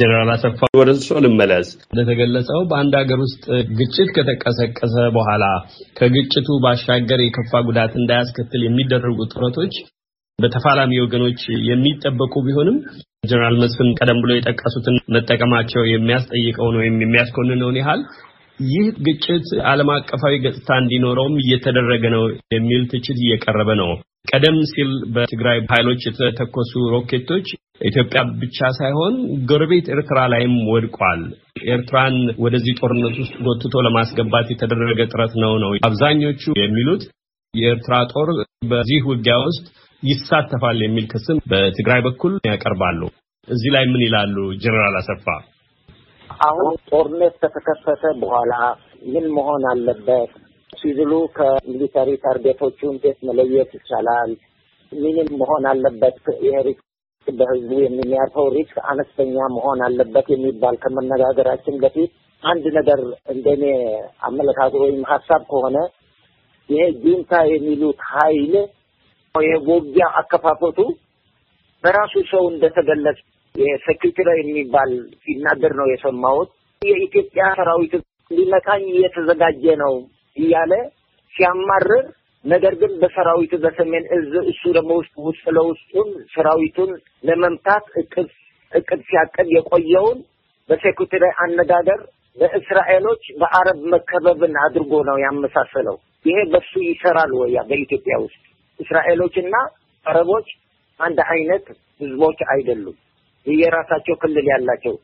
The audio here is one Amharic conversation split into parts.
ጀነራል አሰፋ ወደ እርሶ ልመለስ። እንደተገለጸው በአንድ ሀገር ውስጥ ግጭት ከተቀሰቀሰ በኋላ ከግጭቱ ባሻገር የከፋ ጉዳት እንዳያስከትል የሚደረጉ ጥረቶች በተፋላሚ ወገኖች የሚጠበቁ ቢሆንም ጀነራል መስፍን ቀደም ብሎ የጠቀሱትን መጠቀማቸው የሚያስጠይቀውን ወይም የሚያስኮንነውን ያህል ይህ ግጭት ዓለም አቀፋዊ ገጽታ እንዲኖረውም እየተደረገ ነው የሚል ትችት እየቀረበ ነው። ቀደም ሲል በትግራይ ኃይሎች የተተኮሱ ሮኬቶች ኢትዮጵያ ብቻ ሳይሆን ጎረቤት ኤርትራ ላይም ወድቋል። ኤርትራን ወደዚህ ጦርነት ውስጥ ጎትቶ ለማስገባት የተደረገ ጥረት ነው ነው አብዛኞቹ የሚሉት። የኤርትራ ጦር በዚህ ውጊያ ውስጥ ይሳተፋል የሚል ክስም በትግራይ በኩል ያቀርባሉ። እዚህ ላይ ምን ይላሉ ጀነራል አሰፋ? አሁን ጦርነት ከተከፈተ በኋላ ምን መሆን አለበት ሲዝሉ ከሚሊተሪ ታርጌቶቹ እንዴት መለየት ይቻላል? ምንም መሆን አለበት በህዝቡ የሚያርፈው ሪስክ አነስተኛ መሆን አለበት የሚባል ከመነጋገራችን በፊት አንድ ነገር እንደኔ አመለካከት ወይም ሀሳብ ከሆነ ይሄ ጁንታ የሚሉት ሀይል የውጊያ አከፋፈቱ በራሱ ሰው እንደተገለጸ የሰኪቱራ የሚባል ሲናገር ነው የሰማሁት። የኢትዮጵያ ሰራዊት ሊመታኝ እየተዘጋጀ ነው እያለ ሲያማርር ነገር ግን በሰራዊቱ በሰሜን እዝ እሱ ደግሞ ውስጥ ውስጥ ለውስጡን ሰራዊቱን ለመምታት እቅድ እቅድ ሲያቅድ የቆየውን በሴኩሪቲ ላይ አነጋገር በእስራኤሎች በአረብ መከበብን አድርጎ ነው ያመሳሰለው። ይሄ በሱ ይሰራል ወያ በኢትዮጵያ ውስጥ እስራኤሎችና አረቦች አንድ አይነት ህዝቦች አይደሉም። የራሳቸው ክልል ያላቸው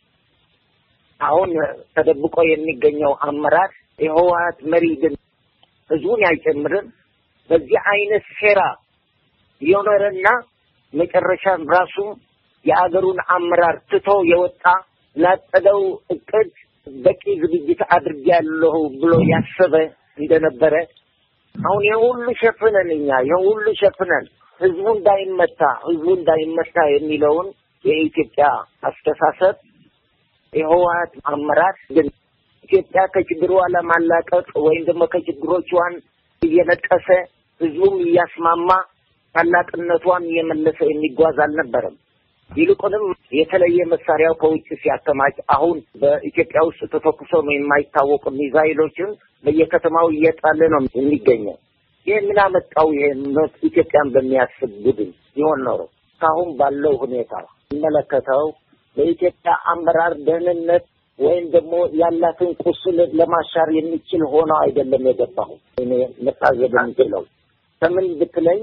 አሁን ተደብቆ የሚገኘው አመራር የህወሓት መሪ ግን ህዝቡን አይጨምርም። በዚህ አይነት ሴራ የኖረና መጨረሻ ራሱ የአገሩን አመራር ትቶ የወጣ ላቀደው እቅድ በቂ ዝግጅት አድርጌያለሁ ብሎ ያሰበ እንደነበረ አሁን የሁሉ ሸፍነን እኛ የሁሉ ሸፍነን ህዝቡ እንዳይመታ ህዝቡ እንዳይመታ የሚለውን የኢትዮጵያ አስተሳሰብ የህወሀት አመራር ግን ኢትዮጵያ ከችግሯ ለማላቀቅ ወይም ደግሞ ከችግሮቿን እየነቀሰ ህዝቡም እያስማማ ታላቅነቷን እየመለሰ የሚጓዝ አልነበረም። ይልቁንም የተለየ መሳሪያው ከውጭ ሲያከማች አሁን በኢትዮጵያ ውስጥ ተተኩሶ ነው የማይታወቁ ሚዛይሎችን በየከተማው እየጣለ ነው የሚገኘው። ይህ ምን አመጣው? ኢትዮጵያን በሚያስብ ቡድን ይሆን ኖሮ እስካሁን ባለው ሁኔታ ይመለከተው በኢትዮጵያ አመራር ደህንነት ወይም ደግሞ ያላትን ቁስል ለማሻር የሚችል ሆነው አይደለም የገባሁ እኔ መታዘብ የምችለው ከምን ብትለኝ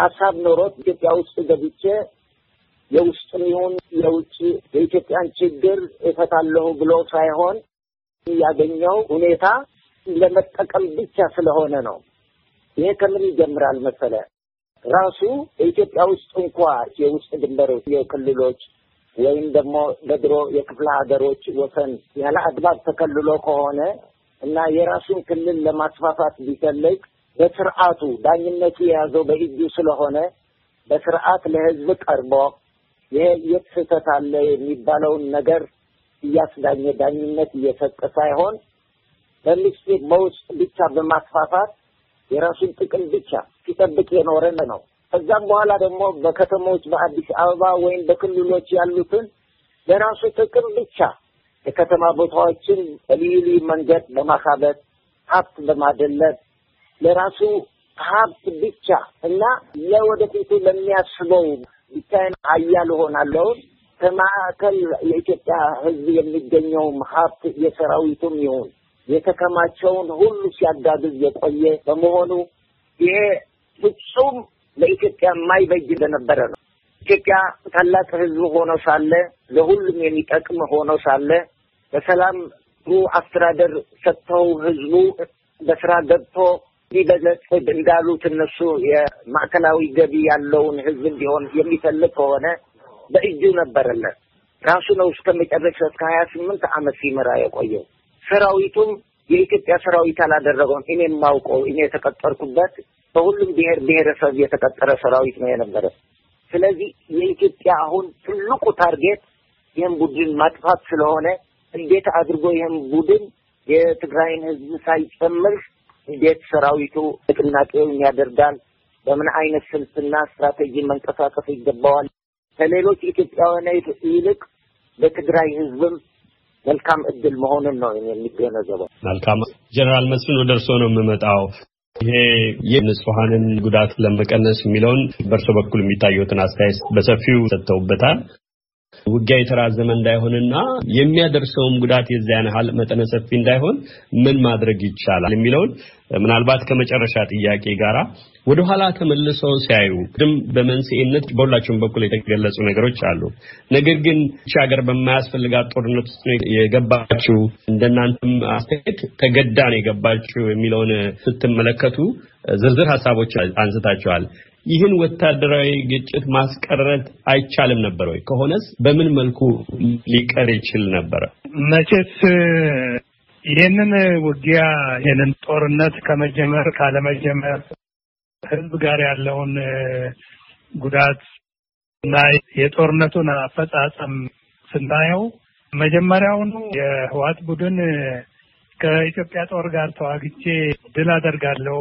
ሀሳብ ኖሮት ኢትዮጵያ ውስጥ ገብቼ የውስጥም ይሁን የውጭ የኢትዮጵያን ችግር እፈታለሁ ብሎ ሳይሆን ያገኘው ሁኔታ ለመጠቀም ብቻ ስለሆነ ነው። ይሄ ከምን ይጀምራል መሰለ ራሱ በኢትዮጵያ ውስጥ እንኳ የውስጥ ድንበር የክልሎች ወይም ደግሞ በድሮ የክፍለ ሀገሮች ወሰን ያለ አግባብ ተከልሎ ከሆነ እና የራሱን ክልል ለማስፋፋት ቢፈልግ በስርዓቱ ዳኝነቱ የያዘው በእጁ ስለሆነ በስርዓት ለህዝብ ቀርቦ ይሄ የት ስህተት አለ የሚባለውን ነገር እያስዳኘ ዳኝነት እየሰጠ ሳይሆን በሚስጢር በውስጥ ብቻ በማስፋፋት የራሱን ጥቅም ብቻ ሲጠብቅ የኖረ ነው። ከዛም በኋላ ደግሞ በከተሞች በአዲስ አበባ ወይም በክልሎች ያሉትን ለራሱ ጥቅም ብቻ የከተማ ቦታዎችን በልዩ ልዩ መንገድ በማካበት ሀብት በማደለብ ለራሱ ሀብት ብቻ እና ለወደፊቱ ለሚያስበው ብቻ አያል እሆናለሁ። ከማዕከል የኢትዮጵያ ሕዝብ የሚገኘውም ሀብት የሰራዊቱም ይሁን የተከማቸውን ሁሉ ሲያጋግዝ የቆየ በመሆኑ ይሄ ፍጹም ለኢትዮጵያ የማይበጅ እንደነበረ ነው። ኢትዮጵያ ታላቅ ሕዝብ ሆኖ ሳለ ለሁሉም የሚጠቅም ሆኖ ሳለ በሰላም ጥሩ አስተዳደር ሰጥተው ሕዝቡ በስራ ገብቶ እንዲህ እንዳሉት እነሱ የማዕከላዊ ገቢ ያለውን ህዝብ እንዲሆን የሚፈልግ ከሆነ በእጁ ነበረለት። ራሱ ነው እስከ መጨረሻ እስከ ሀያ ስምንት ዓመት ሲመራ የቆየው። ሰራዊቱም የኢትዮጵያ ሰራዊት አላደረገውም። እኔ የማውቀው እኔ የተቀጠርኩበት በሁሉም ብሔር ብሔረሰብ የተቀጠረ ሰራዊት ነው የነበረ። ስለዚህ የኢትዮጵያ አሁን ትልቁ ታርጌት ይህን ቡድን ማጥፋት ስለሆነ እንዴት አድርጎ ይህን ቡድን የትግራይን ህዝብ ሳይጨምር እንዴት ሰራዊቱ ንቅናቄውን ያደርጋል፣ በምን አይነት ስልትና ስትራቴጂ መንቀሳቀስ ይገባዋል። ከሌሎች ኢትዮጵያውያን ይልቅ በትግራይ ህዝብም መልካም እድል መሆኑን ነው የሚገነዘበው። መልካም ጀነራል መስፍን ወደ እርስዎ ነው የምመጣው። ይሄ የንጹሐንን ጉዳት ለመቀነስ የሚለውን በእርሶ በኩል የሚታየትን አስተያየት በሰፊው ሰጥተውበታል። ውጊያ የተራዘመ እንዳይሆንና የሚያደርሰውም ጉዳት የዚያን ያህል መጠነ ሰፊ እንዳይሆን ምን ማድረግ ይቻላል የሚለውን ምናልባት ከመጨረሻ ጥያቄ ጋራ ወደኋላ ተመልሰው ሲያዩ ድም በመንስኤነት በሁላቸውም በኩል የተገለጹ ነገሮች አሉ። ነገር ግን ሀገር በማያስፈልጋት ጦርነት ውስጥ ነው የገባችው፣ እንደናንተም አስተያየት ተገዳ ነው የገባችው የሚለውን ስትመለከቱ ዝርዝር ሀሳቦች አንስታችኋል። ይህን ወታደራዊ ግጭት ማስቀረት አይቻልም ነበር ወይ? ከሆነስ በምን መልኩ ሊቀር ይችል ነበረ? መቼስ ይህንን ውጊያ ይህንን ጦርነት ከመጀመር ካለመጀመር ህዝብ ጋር ያለውን ጉዳት እና የጦርነቱን አፈጻጸም ስናየው መጀመሪያውኑ የህዋት ቡድን ከኢትዮጵያ ጦር ጋር ተዋግቼ ድል አደርጋለሁ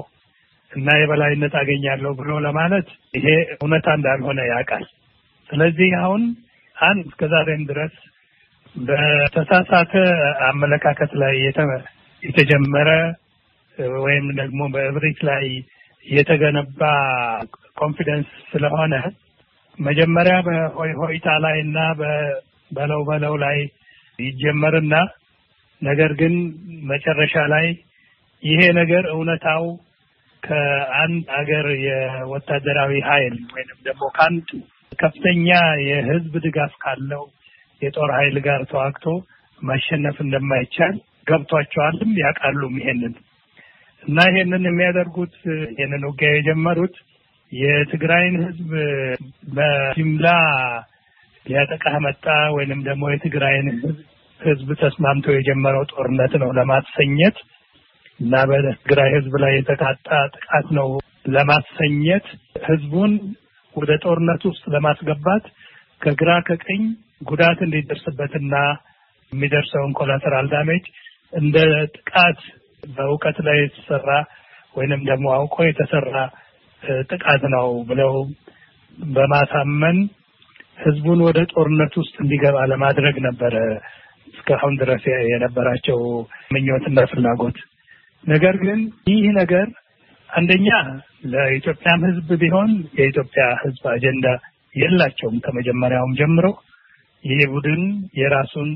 እና የበላይነት አገኛለሁ ብሎ ለማለት ይሄ እውነታ እንዳልሆነ ያውቃል። ስለዚህ አሁን አንድ ዛሬም ድረስ በተሳሳተ አመለካከት ላይ የተጀመረ ወይም ደግሞ በእብሪት ላይ የተገነባ ኮንፊደንስ ስለሆነ መጀመሪያ በሆይ ሆይታ ላይ እና በለው በለው ላይ ይጀመርና ነገር ግን መጨረሻ ላይ ይሄ ነገር እውነታው ከአንድ ሀገር የወታደራዊ ኃይል ወይንም ደግሞ ከአንድ ከፍተኛ የህዝብ ድጋፍ ካለው የጦር ኃይል ጋር ተዋግቶ ማሸነፍ እንደማይቻል ገብቷቸዋልም ያውቃሉም ይሄንን እና ይሄንን የሚያደርጉት ይሄንን ውጊያ የጀመሩት የትግራይን ህዝብ በጅምላ ሊያጠቃህ መጣ ወይንም ደግሞ የትግራይን ህዝብ ተስማምቶ የጀመረው ጦርነት ነው ለማሰኘት እና በትግራይ ህዝብ ላይ የተቃጣ ጥቃት ነው ለማሰኘት ህዝቡን ወደ ጦርነት ውስጥ ለማስገባት ከግራ ከቀኝ ጉዳት እንዲደርስበትና የሚደርሰውን ኮላተራል ዳሜጅ እንደ ጥቃት በእውቀት ላይ የተሰራ ወይንም ደግሞ አውቆ የተሰራ ጥቃት ነው ብለው በማሳመን ህዝቡን ወደ ጦርነት ውስጥ እንዲገባ ለማድረግ ነበረ እስካሁን ድረስ የነበራቸው ምኞትና ፍላጎት። ነገር ግን ይህ ነገር አንደኛ ለኢትዮጵያም ህዝብ ቢሆን የኢትዮጵያ ህዝብ አጀንዳ የላቸውም። ከመጀመሪያውም ጀምሮ ይህ ቡድን የራሱን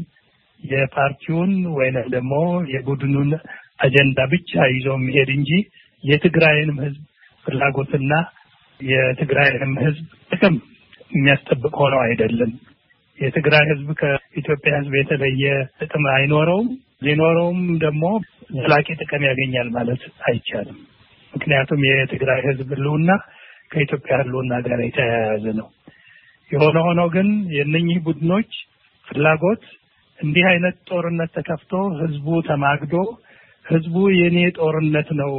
የፓርቲውን ወይንም ደግሞ የቡድኑን አጀንዳ ብቻ ይዞ የሚሄድ እንጂ የትግራይንም ህዝብ ፍላጎትና የትግራይንም ህዝብ ጥቅም የሚያስጠብቅ ሆነው አይደለም። የትግራይ ህዝብ ከኢትዮጵያ ህዝብ የተለየ ጥቅም አይኖረውም። ሊኖረውም ደግሞ ዘላቂ ጥቅም ያገኛል ማለት አይቻልም። ምክንያቱም የትግራይ ህዝብ ህልውና ከኢትዮጵያ ህልውና ጋር የተያያዘ ነው። የሆነ ሆኖ ግን የእነኚህ ቡድኖች ፍላጎት እንዲህ አይነት ጦርነት ተከፍቶ ህዝቡ ተማግዶ ህዝቡ የኔ ጦርነት ነው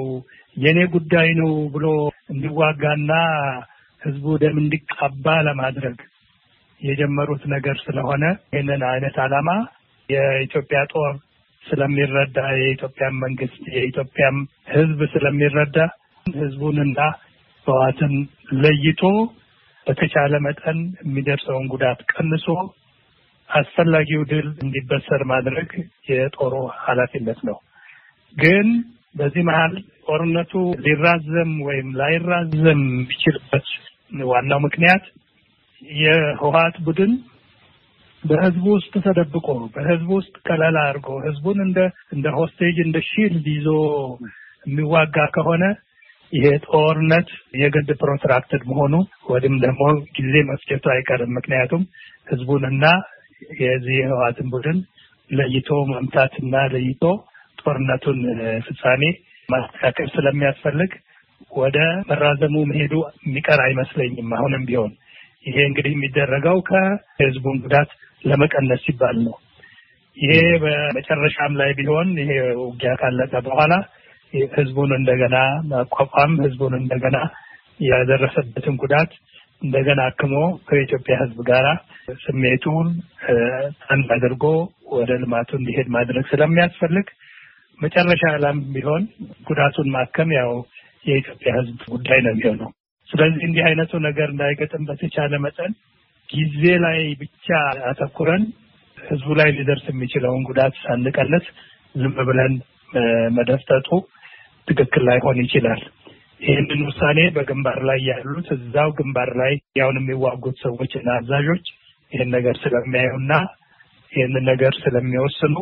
የኔ ጉዳይ ነው ብሎ እንዲዋጋና ህዝቡ ደም እንዲቃባ ለማድረግ የጀመሩት ነገር ስለሆነ ይህንን አይነት ዓላማ የኢትዮጵያ ጦር ስለሚረዳ የኢትዮጵያን መንግስት የኢትዮጵያም ህዝብ ስለሚረዳ ህዝቡንና ህዋትን ለይቶ በተቻለ መጠን የሚደርሰውን ጉዳት ቀንሶ አስፈላጊው ድል እንዲበሰር ማድረግ የጦሩ ኃላፊነት ነው። ግን በዚህ መሀል ጦርነቱ ሊራዘም ወይም ላይራዘም የሚችልበት ዋናው ምክንያት የህወሀት ቡድን በህዝቡ ውስጥ ተደብቆ በህዝቡ ውስጥ ቀለላ አድርጎ ህዝቡን እንደ እንደ ሆስቴጅ እንደ ሺልድ ይዞ የሚዋጋ ከሆነ ይሄ ጦርነት የግድ ፕሮትራክትድ መሆኑ ወይም ደግሞ ጊዜ መፍጀቱ አይቀርም። ምክንያቱም ህዝቡንና የዚህ የህወሓትን ቡድን ለይቶ መምታትና ለይቶ ጦርነቱን ፍጻሜ ማስተካከል ስለሚያስፈልግ ወደ መራዘሙ መሄዱ የሚቀር አይመስለኝም። አሁንም ቢሆን ይሄ እንግዲህ የሚደረገው ከህዝቡን ጉዳት ለመቀነስ ሲባል ነው። ይሄ በመጨረሻም ላይ ቢሆን ይሄ ውጊያ ካለቀ በኋላ ህዝቡን እንደገና ማቋቋም ህዝቡን እንደገና ያደረሰበትን ጉዳት እንደገና አክሞ ከኢትዮጵያ ህዝብ ጋር ስሜቱን አንድ አድርጎ ወደ ልማቱ እንዲሄድ ማድረግ ስለሚያስፈልግ መጨረሻ ላም ቢሆን ጉዳቱን ማከም ያው የኢትዮጵያ ህዝብ ጉዳይ ነው የሚሆነው። ስለዚህ እንዲህ አይነቱ ነገር እንዳይገጥም በተቻለ መጠን ጊዜ ላይ ብቻ አተኩረን ህዝቡ ላይ ሊደርስ የሚችለውን ጉዳት ሳንቀንስ ዝም ብለን መደፍጠጡ ትክክል ላይሆን ይችላል። ይህንን ውሳኔ በግንባር ላይ ያሉት እዛው ግንባር ላይ ያውን የሚዋጉት ሰዎች እና አዛዦች ይህን ነገር ስለሚያዩና ይህንን ነገር ስለሚወስኑ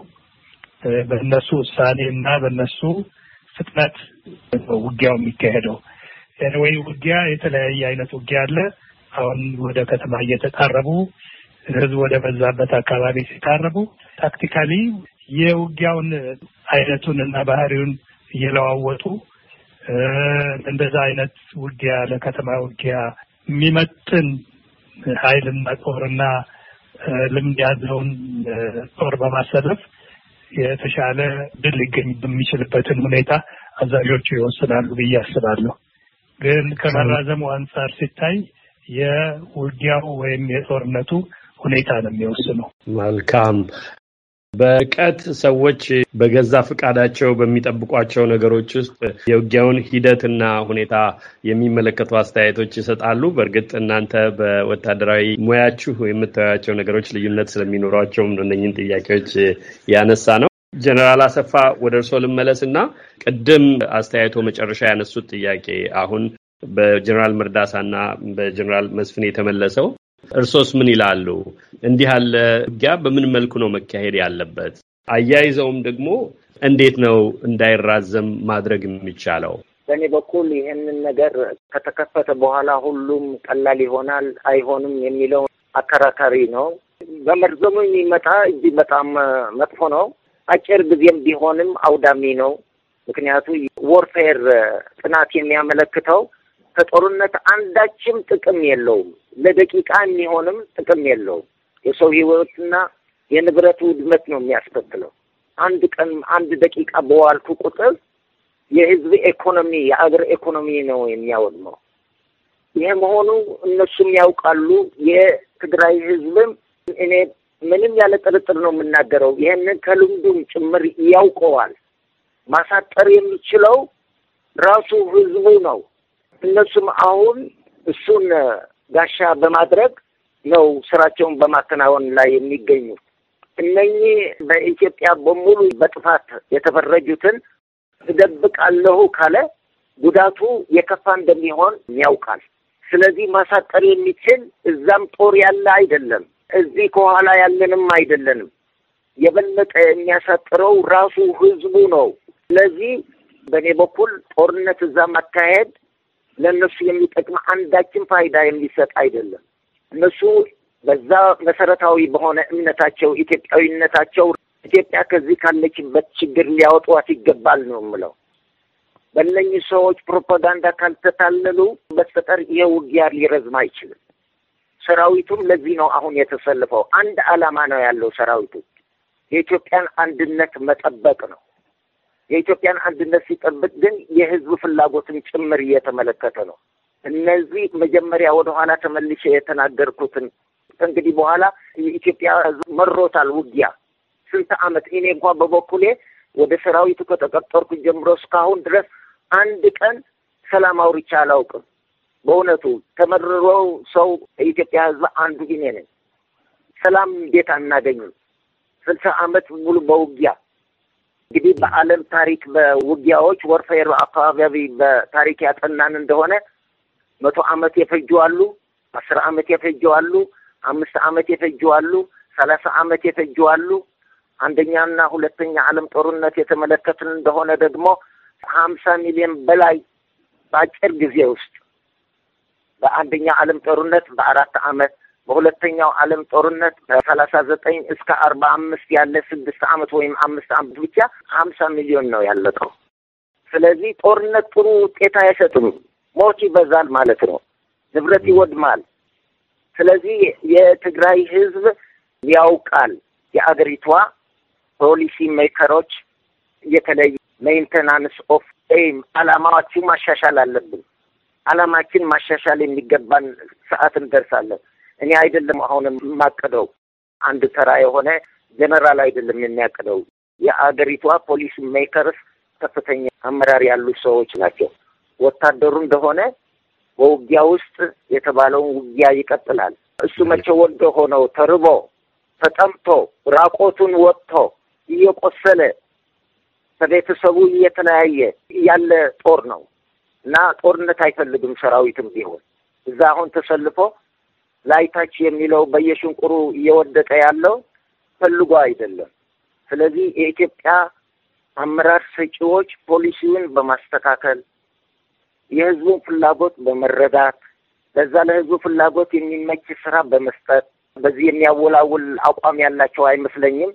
በእነሱ ውሳኔ እና በእነሱ ፍጥነት ውጊያው የሚካሄደው ወይ ውጊያ የተለያየ አይነት ውጊያ አለ። አሁን ወደ ከተማ እየተቃረቡ ህዝብ ወደ በዛበት አካባቢ ሲቃረቡ ታክቲካሊ የውጊያውን አይነቱን እና ባህሪውን እየለዋወጡ እንደዛ አይነት ውጊያ ለከተማ ውጊያ የሚመጥን ኃይልና ጦርና ልምድ ያለውን ጦር በማሰለፍ የተሻለ ድል ሊገኝ በሚችልበትን ሁኔታ አዛዦቹ ይወስናሉ ብዬ አስባለሁ። ግን ከመራዘሙ አንጻር ሲታይ የውጊያው ወይም የጦርነቱ ሁኔታ ነው የሚወስነው። መልካም በርቀት ሰዎች በገዛ ፈቃዳቸው በሚጠብቋቸው ነገሮች ውስጥ የውጊያውን ሂደትና ሁኔታ የሚመለከቱ አስተያየቶች ይሰጣሉ። በእርግጥ እናንተ በወታደራዊ ሙያችሁ የምታያቸው ነገሮች ልዩነት ስለሚኖሯቸውም እነኝን ጥያቄዎች ያነሳ ነው። ጀነራል አሰፋ ወደ እርስዎ ልመለስ እና ቅድም አስተያየቶ መጨረሻ ያነሱት ጥያቄ አሁን በጀኔራል መርዳሳና በጀኔራል መስፍን የተመለሰው እርሶስ ምን ይላሉ? እንዲህ ያለ ውጊያ በምን መልኩ ነው መካሄድ ያለበት? አያይዘውም ደግሞ እንዴት ነው እንዳይራዘም ማድረግ የሚቻለው? በእኔ በኩል ይህንን ነገር ከተከፈተ በኋላ ሁሉም ቀላል ይሆናል አይሆንም የሚለው አከራካሪ ነው። በመርዘሙ የሚመጣ እጅ በጣም መጥፎ ነው። አጭር ጊዜም ቢሆንም አውዳሚ ነው። ምክንያቱ ወርፌር ጥናት የሚያመለክተው ከጦርነት አንዳችም ጥቅም የለውም። ለደቂቃ የሚሆንም ጥቅም የለውም። የሰው ህይወትና የንብረቱ ውድመት ነው የሚያስከትለው። አንድ ቀን አንድ ደቂቃ በዋልኩ ቁጥር የህዝብ ኢኮኖሚ፣ የአገር ኢኮኖሚ ነው የሚያወድመው። ይህ መሆኑ እነሱም ያውቃሉ። የትግራይ ህዝብም እኔ ምንም ያለ ጥርጥር ነው የምናገረው። ይህንን ከልምዱም ጭምር ያውቀዋል። ማሳጠር የሚችለው ራሱ ህዝቡ ነው። እነሱም አሁን እሱን ጋሻ በማድረግ ነው ስራቸውን በማከናወን ላይ የሚገኙት። እነኚህ በኢትዮጵያ በሙሉ በጥፋት የተፈረጁትን እደብቃለሁ ካለ ጉዳቱ የከፋ እንደሚሆን ያውቃል። ስለዚህ ማሳጠር የሚችል እዛም ጦር ያለ አይደለም፣ እዚህ ከኋላ ያለንም አይደለንም። የበለጠ የሚያሳጥረው ራሱ ህዝቡ ነው። ስለዚህ በእኔ በኩል ጦርነት እዛ ማካሄድ ለእነሱ የሚጠቅም አንዳችን ፋይዳ የሚሰጥ አይደለም። እነሱ በዛ መሰረታዊ በሆነ እምነታቸው፣ ኢትዮጵያዊነታቸው ኢትዮጵያ ከዚህ ካለችበት ችግር ሊያወጧት ይገባል ነው የምለው። በእነኝህ ሰዎች ፕሮፓጋንዳ ካልተታለሉ በስተቀር ይሄ ውጊያ ሊረዝም አይችልም። ሰራዊቱም ለዚህ ነው አሁን የተሰልፈው። አንድ ዓላማ ነው ያለው ሰራዊቱ የኢትዮጵያን አንድነት መጠበቅ ነው። የኢትዮጵያን አንድነት ሲጠብቅ ግን የህዝብ ፍላጎትን ጭምር እየተመለከተ ነው። እነዚህ መጀመሪያ ወደኋላ ተመልሼ የተናገርኩትን እንግዲህ በኋላ የኢትዮጵያ ህዝብ መሮታል ውጊያ ስንት አመት እኔ እንኳ በበኩሌ ወደ ሰራዊቱ ከተቀጠርኩ ጀምሮ እስካሁን ድረስ አንድ ቀን ሰላም አውርቼ አላውቅም። በእውነቱ ተመርረው ሰው የኢትዮጵያ ህዝብ አንዱ እኔ ነኝ። ሰላም እንዴት አናገኝም? ስልሳ ዓመት ሙሉ በውጊያ እንግዲህ በዓለም ታሪክ በውጊያዎች ወርፌር አካባቢ በታሪክ ያጠናን እንደሆነ መቶ ዓመት የፈጁ አሉ፣ አስር ዓመት የፈጁ አሉ፣ አምስት ዓመት የፈጁ አሉ፣ ሰላሳ ዓመት የፈጁ አሉ። አንደኛና ሁለተኛ ዓለም ጦርነት የተመለከትን እንደሆነ ደግሞ ሀምሳ ሚሊዮን በላይ በአጭር ጊዜ ውስጥ በአንደኛ ዓለም ጦርነት በአራት ዓመት በሁለተኛው ዓለም ጦርነት ከሰላሳ ዘጠኝ እስከ አርባ አምስት ያለ ስድስት ዓመት ወይም አምስት ዓመት ብቻ ሀምሳ ሚሊዮን ነው ያለቀው። ስለዚህ ጦርነት ጥሩ ውጤት አይሰጥም። ሞት ይበዛል ማለት ነው። ንብረት ይወድማል። ስለዚህ የትግራይ ህዝብ ያውቃል። የአገሪቷ ፖሊሲ ሜከሮች የተለየ ሜንቴናንስ ኦፍ ኤም አላማዎችን ማሻሻል አለብን። አላማችን ማሻሻል የሚገባን ሰዓት እንደርሳለን። እኔ አይደለም አሁንም የማቅደው አንድ ተራ የሆነ ጀነራል አይደለም የሚያቅደው የአገሪቷ ፖሊሲ ሜከርስ ከፍተኛ አመራር ያሉ ሰዎች ናቸው። ወታደሩ እንደሆነ በውጊያ ውስጥ የተባለውን ውጊያ ይቀጥላል። እሱ መቼ ወልዶ ሆነው ተርቦ ተጠምቶ ራቆቱን ወጥቶ እየቆሰለ ከቤተሰቡ እየተለያየ ያለ ጦር ነው እና ጦርነት አይፈልግም። ሰራዊትም ቢሆን እዛ አሁን ተሰልፎ ላይታች የሚለው በየሽንቁሩ እየወደቀ ያለው ፈልጎ አይደለም። ስለዚህ የኢትዮጵያ አመራር ሰጪዎች ፖሊሲውን በማስተካከል የህዝቡን ፍላጎት በመረዳት ለዛ ለህዝቡ ፍላጎት የሚመች ስራ በመስጠት በዚህ የሚያወላውል አቋም ያላቸው አይመስለኝም።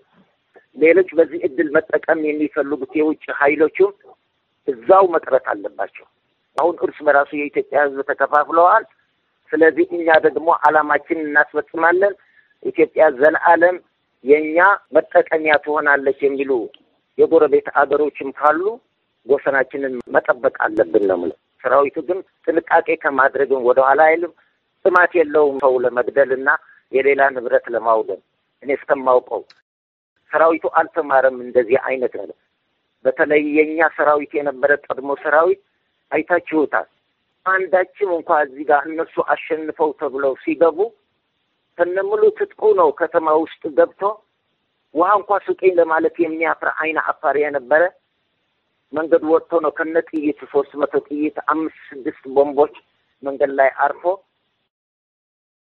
ሌሎች በዚህ እድል መጠቀም የሚፈልጉት የውጭ ኃይሎችም እዛው መቅረት አለባቸው። አሁን እርስ በራሱ የኢትዮጵያ ህዝብ ተከፋፍለዋል። ስለዚህ እኛ ደግሞ አላማችን እናስፈጽማለን። ኢትዮጵያ ዘለዓለም የእኛ መጠቀሚያ ትሆናለች የሚሉ የጎረቤት አገሮችም ካሉ ወሰናችንን መጠበቅ አለብን ነው የምለው። ሰራዊቱ ግን ጥንቃቄ ከማድረግም ወደኋላ አይልም። ጥማት የለውም ሰው ለመግደል እና የሌላ ንብረት ለማውደም። እኔ እስከማውቀው ሰራዊቱ አልተማረም እንደዚህ አይነት ነው በተለይ የእኛ ሰራዊት የነበረ ቀድሞ ሰራዊት አይታችሁታል። አንዳችም እንኳ እዚህ ጋር እነሱ አሸንፈው ተብለው ሲገቡ ከነሙሉ ትጥቁ ነው ከተማ ውስጥ ገብቶ ውሃ እንኳ ስጡኝ ለማለት የሚያፍር አይነ አፋር የነበረ መንገድ ወጥቶ ነው ከነ ጥይት ሶስት መቶ ጥይት አምስት ስድስት ቦምቦች መንገድ ላይ አርፎ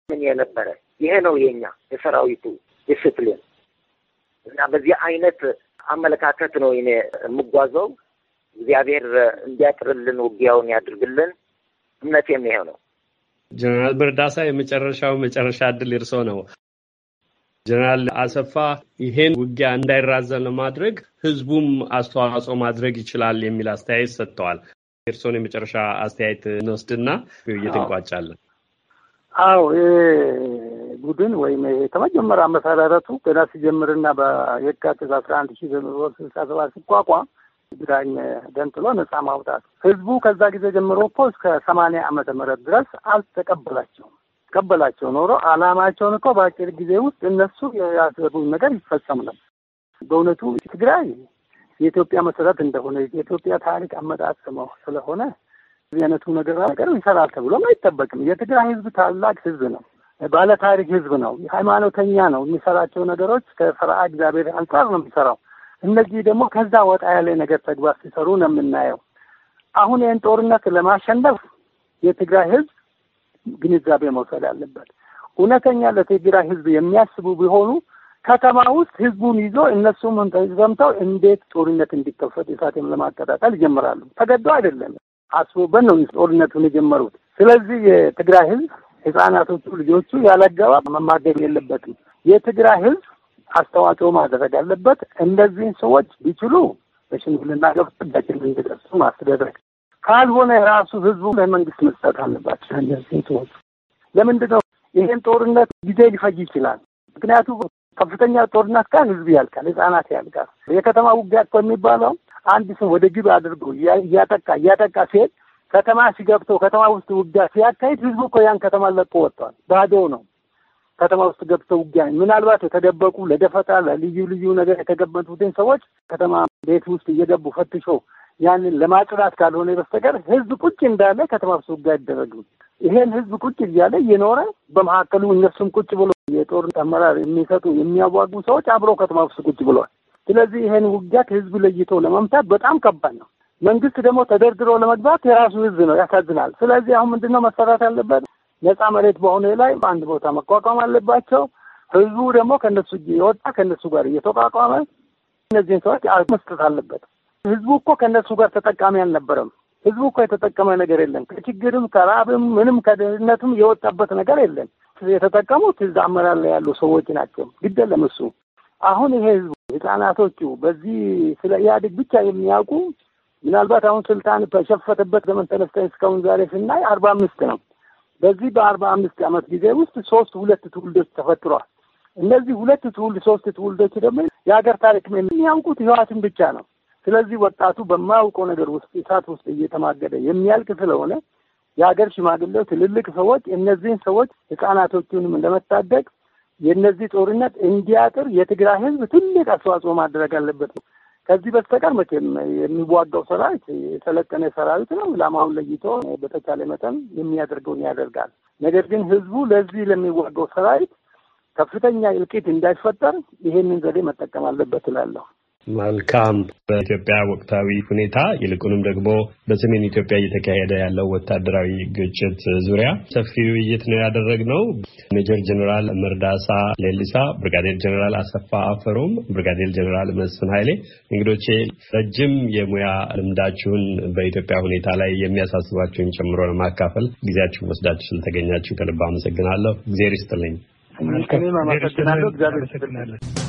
ምን የነበረ ይሄ ነው የኛ የሰራዊቱ ዲስፕሊን እና በዚህ አይነት አመለካከት ነው እኔ የምጓዘው። እግዚአብሔር እንዲያጥርልን ውጊያውን ያድርግልን። እምነት የሚሄው ነው። ጀነራል በርዳሳ የመጨረሻው መጨረሻ እድል እርስዎ ነው። ጀነራል አሰፋ ይሄን ውጊያ እንዳይራዘን ለማድረግ ህዝቡም አስተዋጽኦ ማድረግ ይችላል የሚል አስተያየት ሰጥተዋል። የእርስዎን የመጨረሻ አስተያየት እንወስድና ውይይት እንቋጫለን። አዎ ቡድን ወይም ከመጀመሪያ መሰረቱ ገና ሲጀምርና በየካቲት አስራ አንድ ሺ ዘጠኝ ስልሳ ሰባት ሲቋቋም ግራኝ ገንጥሎ ነጻ ማውጣት ህዝቡ ከዛ ጊዜ ጀምሮ እኮ እስከ ሰማንያ ዓመተ ምህረት ድረስ አልተቀበላቸውም። ቀበላቸው ኖሮ አላማቸውን እኮ በአጭር ጊዜ ውስጥ እነሱ ያሰቡን ነገር ይፈጸም ነበር። በእውነቱ ትግራይ የኢትዮጵያ መሰረት እንደሆነ የኢትዮጵያ ታሪክ አመጣጥሞ ስለሆነ እዚህ አይነቱ ነገር ነገር ይሰራል ተብሎም አይጠበቅም። የትግራይ ህዝብ ታላቅ ህዝብ ነው። ባለ ታሪክ ህዝብ ነው። ሃይማኖተኛ ነው። የሚሰራቸው ነገሮች ከፈርአ እግዚአብሔር አንጻር ነው የሚሰራው። እነዚህ ደግሞ ከዛ ወጣ ያለ ነገር ተግባር ሲሰሩ ነው የምናየው። አሁን ይህን ጦርነት ለማሸነፍ የትግራይ ህዝብ ግንዛቤ መውሰድ አለበት። እውነተኛ ለትግራይ ህዝብ የሚያስቡ ቢሆኑ ከተማ ውስጥ ህዝቡን ይዞ እነሱም ዘምተው እንዴት ጦርነት እንዲከፈት እሳትም ለማቀጣጠል ይጀምራሉ። ተገዶ አይደለም፣ አስቡበት ነው ጦርነቱን የጀመሩት። ስለዚህ የትግራይ ህዝብ ህጻናቶቹ፣ ልጆቹ ያለአግባብ መማገብ የለበትም። የትግራይ ህዝብ አስተዋጽኦ ማድረግ አለበት። እነዚህን ሰዎች ቢችሉ በሽምግልና ገብቶ እንዲደርሱ ማስደረግ ካልሆነ የራሱ ህዝቡ ለመንግስት መስጠት አለባቸው። እነዚህ ሰዎች ለምንድን ነው ይህን ጦርነት ጊዜ ሊፈጅ ይችላል። ምክንያቱም ከፍተኛ ጦርነት ጋር ህዝብ ያልቃል፣ ህጻናት ያልቃል። የከተማ ውጊያ እኮ የሚባለው አንድ ሰው ወደ ግብ አድርጎ እያጠቃ እያጠቃ ሲሄድ ከተማ ሲገብተው ከተማ ውስጥ ውጊያ ሲያካሂድ ህዝቡ እኮ ያን ከተማ ለቆ ወጥቷል፣ ባዶ ነው። ከተማ ውስጥ ገብተው ውጊያ ምናልባት የተደበቁ ለደፈጣ ለልዩ ልዩ ነገር የተገመቱትን ሰዎች ከተማ ቤት ውስጥ እየገቡ ፈትሾ ያንን ለማጽዳት ካልሆነ በስተቀር ህዝብ ቁጭ እንዳለ ከተማ ውስጥ ውጊያ አይደረግም። ይሄን ህዝብ ቁጭ እያለ እየኖረ በመካከሉ እነሱም ቁጭ ብሎ የጦር አመራር የሚሰጡ የሚያዋጉ ሰዎች አብረው ከተማ ውስጥ ቁጭ ብለዋል። ስለዚህ ይሄን ውጊያ ከህዝብ ለይቶ ለመምታት በጣም ከባድ ነው። መንግስት ደግሞ ተደርድሮ ለመግባት የራሱ ህዝብ ነው። ያሳዝናል። ስለዚህ አሁን ምንድነው መሰራት ያለበት? ነፃ መሬት በሆነ ላይ በአንድ ቦታ መቋቋም አለባቸው። ህዝቡ ደግሞ ከነሱ የወጣ ከነሱ ጋር እየተቋቋመ እነዚህን ሰዎች መስጠት አለበት። ህዝቡ እኮ ከነሱ ጋር ተጠቃሚ አልነበረም። ህዝቡ እኮ የተጠቀመ ነገር የለም። ከችግርም ከራብም ምንም ከድህነትም የወጣበት ነገር የለም። የተጠቀሙት እዛ አመራር ላይ ያሉ ሰዎች ናቸው። ግደለም እሱ አሁን ይሄ ህዝቡ ህጻናቶቹ በዚህ ስለ ኢህአዴግ ብቻ የሚያውቁ ምናልባት አሁን ስልጣን በሸፈተበት ዘመን ተነስተን እስካሁን ዛሬ ስናይ አርባ አምስት ነው በዚህ በአርባ አምስት ዓመት ጊዜ ውስጥ ሶስት ሁለት ትውልዶች ተፈጥሯል። እነዚህ ሁለት ትውልድ ሶስት ትውልዶች ደግሞ የሀገር ታሪክ የሚያውቁት ህዋትን ብቻ ነው። ስለዚህ ወጣቱ በማያውቀው ነገር ውስጥ እሳት ውስጥ እየተማገደ የሚያልቅ ስለሆነ የሀገር ሽማግሌው፣ ትልልቅ ሰዎች እነዚህን ሰዎች ህጻናቶቹንም ለመታደግ የእነዚህ ጦርነት እንዲያጥር የትግራይ ህዝብ ትልቅ አስተዋጽኦ ማድረግ አለበት ነው። ከዚህ በስተቀር መቼም የሚዋጋው ሰራዊት የሰለጠነ ሰራዊት ነው። ኢላማውን ለይቶ በተቻለ መጠን የሚያደርገውን ያደርጋል። ነገር ግን ህዝቡ ለዚህ ለሚዋጋው ሰራዊት ከፍተኛ እልቂት እንዳይፈጠር ይሄንን ዘዴ መጠቀም አለበት እላለሁ። መልካም። በኢትዮጵያ ወቅታዊ ሁኔታ ይልቁንም ደግሞ በሰሜን ኢትዮጵያ እየተካሄደ ያለው ወታደራዊ ግጭት ዙሪያ ሰፊ ውይይት ነው ያደረግነው። ሜጀር ጀኔራል መርዳሳ ሌሊሳ፣ ብርጋዴር ጀኔራል አሰፋ አፈሮም፣ ብርጋዴር ጀኔራል መስፍን ኃይሌ እንግዶቼ ረጅም የሙያ ልምዳችሁን በኢትዮጵያ ሁኔታ ላይ የሚያሳስባችሁን ጨምሮ ለማካፈል ጊዜያችሁን ወስዳችሁ ስለተገኛችሁ ከልብ አመሰግናለሁ። እግዜር ይስጥልኝ። እኔም አመሰግናለሁ። እግዚአብሔር ይስጥልናለን።